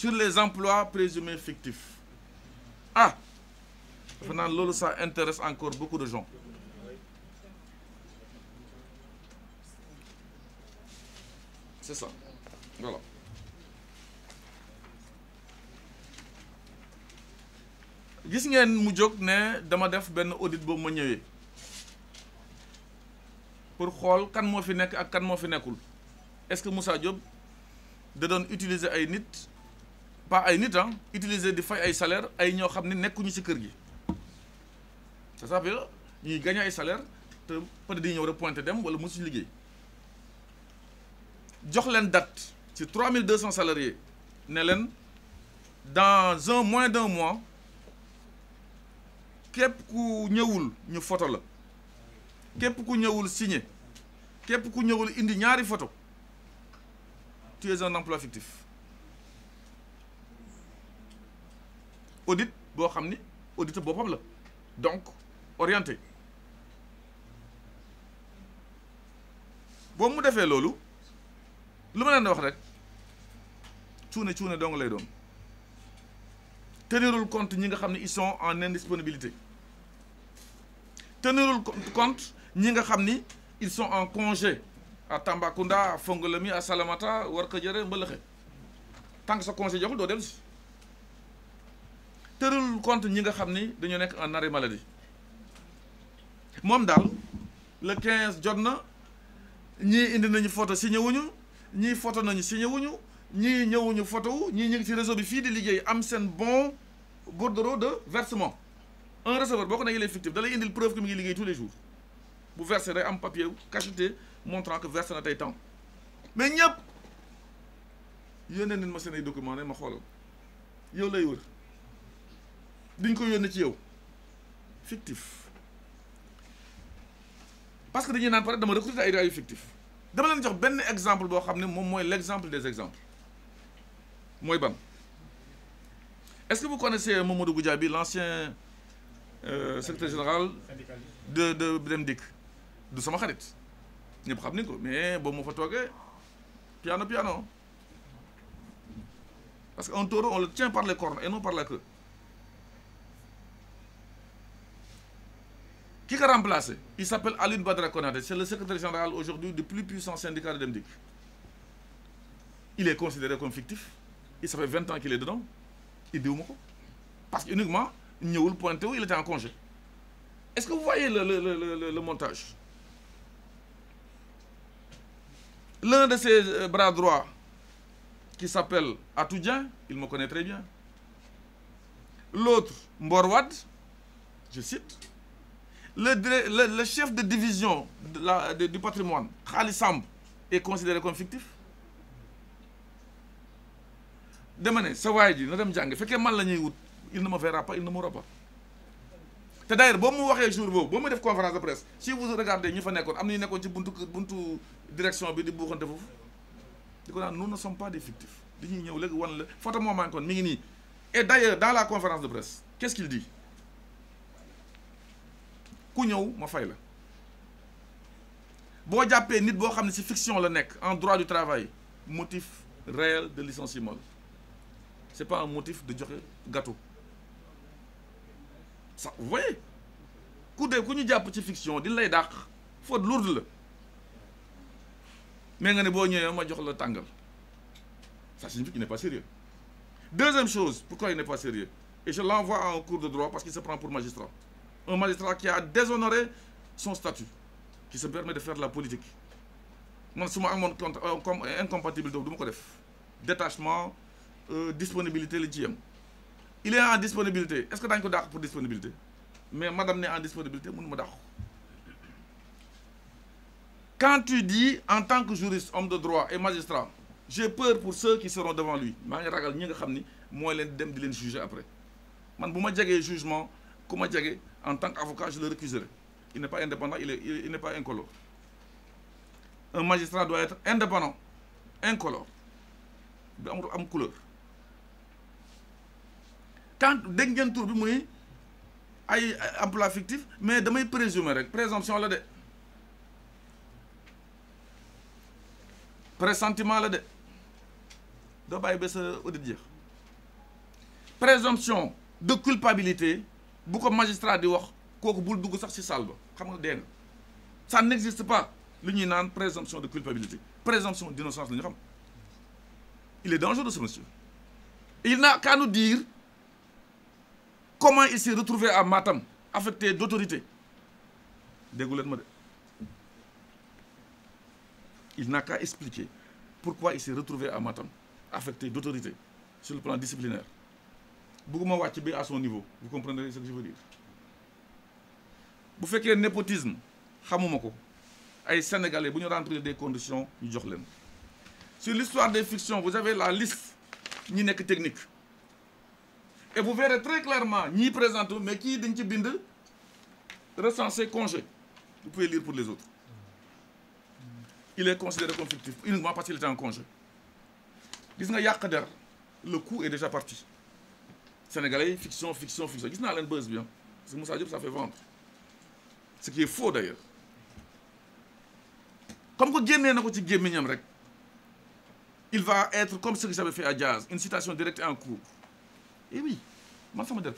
sur les emplois présumés fictifs ah dafa naan loolu ça intéresse encore boo de gens c'est ça voilà gis ngeen mu jóg ne dama def benn audite boobu ma ñëwee pour xool kan moo fi nekk ak kan moo fi nekkul est-ce que Moussa Diop da doon utiliser ay nit pas ay nit ah di fay ay salaire ay ñoo xam ni nekkuñu ci kër gi ça s'appelle ñuy gagné ay salaire te peut di ñëw rek pointé dem wala mosuñu liggéey jox leen date ci 3200 salariés ne leen dans un moins d'un mois képp ku ñëwul ñu photo la képp ku ñëwul signé képp ku ñëwul indi ñaari photo tu es un emploi fictif audit boo xam ni audit boppam la donc orienté boo mu defee loolu lu ma leen wax rek cuune cuune dong lay doon tenirul compte ñi nga xam ne ils sont en indisponibilité tenirul compte ñi nga xam ni il sont en congé à Tambacounda à Fongolemi à Salamata Warkadiéré Mbëlëxe tant que sa congé joxul doo dem si tëralul compte ñi nga xam ni dañoo nekk en arrêt maladie moom daal le 15 jot na ñi indi nañu photo signé wuñu ñii photo nañu signé wuñu ñii ñëwuñu photo wu ñii ñu ngi ci réseau bi fii di liggéey am seen bon bordereau de versement un receveur boo ko nekkee fictif da dalay indil preuve que mi ngi liggéey tous les jours bu versé day am papier cacheté montrant que versé na tey temps mais ñëpp yónnee nañ ma seen ay documents ne ma xoolal yow lay wër. diñ ko yónnee ci yow fictif parce que dañuy naan pare dama recruter ay ay fictif dama leen jox benn exemple boo xam ne moom mooy l'exemple des exemples mooy ban est-ce que vous connaissez Mamadou Goudiaby l'ancien euh, secrétaire général de de Dem Dikk du sama xarit ñëpp xam ni ko mais boobu moo fa toogee piano piano parce que un taureau on le tient par les cornes et par la queue ki ko remplacé il s'appelle Aline Badra Konaté c'est le secrétaire général aujourd'hui du plus puissant syndicat de Demdik il est considéré comme fictif il ça vingt ans qu'il est dedans indiwuma ko parce que uniquement ñëwul pointé wu il était en congé est-ce que vous voyez le le le le, montage l'un de ses euh, bras droits qui s'appelle Atou il me connaît très bien l'autre Mbor je cite le, le, le chef de division de la, de, du patrimoine, Khali Samb, est considéré comme fictif dama ne sa waay ji na dem jàng fekkee man la ñuy wut il na me verra pas il ne m'aura pas te d'ailleurs boo mu waxee jour boobu boo mu def conférence de presse si vous regardez ñu fa nekkoon am na ñu nekkoon ci buntu buntu direction bi di buuxante foofu di ko naan nous ne sommes pas des fictifs dañuy ñëw léegi wan la photo moo manqué woon mi ngi nii et d'ailleurs dans la conférence de presse ku ñëw ma fay la boo jàppee nit boo xam ne ci fiction la nekk en droit du travail motif réel de licenciement la c'est pas un motif de joxe gâteau ça vous ku de ku ñu jàpp ci fiction di lay dàq faute lourde la mais nga ne boo ñëwee ma jox la tàngal ça signifie qu'il n'est pas sérieux deuxième chose pourquoi il n'est pas sérieux et je l'envoie à cours de droit parce qu'il se prend pour magistrat un magistrat qui a déshonoré son statut qui se permet de faire de la politique man su ma amoon euh, comme incompatibilité boobu du ma ko def détachement euh, disponibilité la ci yem il est en disponibilité est-ce que daañu ko dàq pour disponibilité mais madame n'est en disponibilité mënu ma dàq quand tu dis en tant que juriste homme de droit et magistrat j'ai peur pour ceux qui seront devant lui maa ngi ragal ñi nga xam ni mooy leen dem di leen juger après man bu ma jegee jugement ku ma jege En tant qu'avocat, je le récuserai. Il n'est pas indépendant, il n'est il, pas incolore. Un magistrat doit être indépendant, incolore. Il une couleur. Quand dès que tour bi muni ay emploi fictif mais damay présumer rek présomption la dé présentiment la dé do baye ba sa audit jeex présomption de culpabilité bu ko magistrat di wax kooku bul dugg sax ci salle ba xam nga dégg nga ça n'existe pas lu ñuy naan présomption de culpabilité présomption d'innocence la ñu xam il est dangereux ce monsieur il n'a qu'à nous dire comment il s'est retrouvé à Matam affecté d'autorité déggu leen ma de il n'a qu'à expliquer pourquoi il s'est retrouvé à Matam affecté d'autorité sur le plan disciplinaire bëgguma wàcc bi à son niveau vous comprenez ce que je veux dire bu fekkee népotisme xamuma ko ay sénégalais bu ñu remplir des conditions ñu jox leen sur l'histoire des fictions vous avez la liste ñi nekk technique et vous verrez très clairement ñii présenté mais kii dañ ci bind recensé congé vous pouvez lire pour les autres il est considéré comme fictif uniquement parce qu'il était en congé gis nga yàq der le coup est déjà parti Sénégalais yi fiction fiction fiction gis naa leen buzz bi ah parce que sa Diop ça fait vendre ce qui est faux d'ailleurs comme que génnee na ko ci gémmiñam rek il va être comme ce que j'avais fait à Diaz une citation directe en cours et eh oui man sama der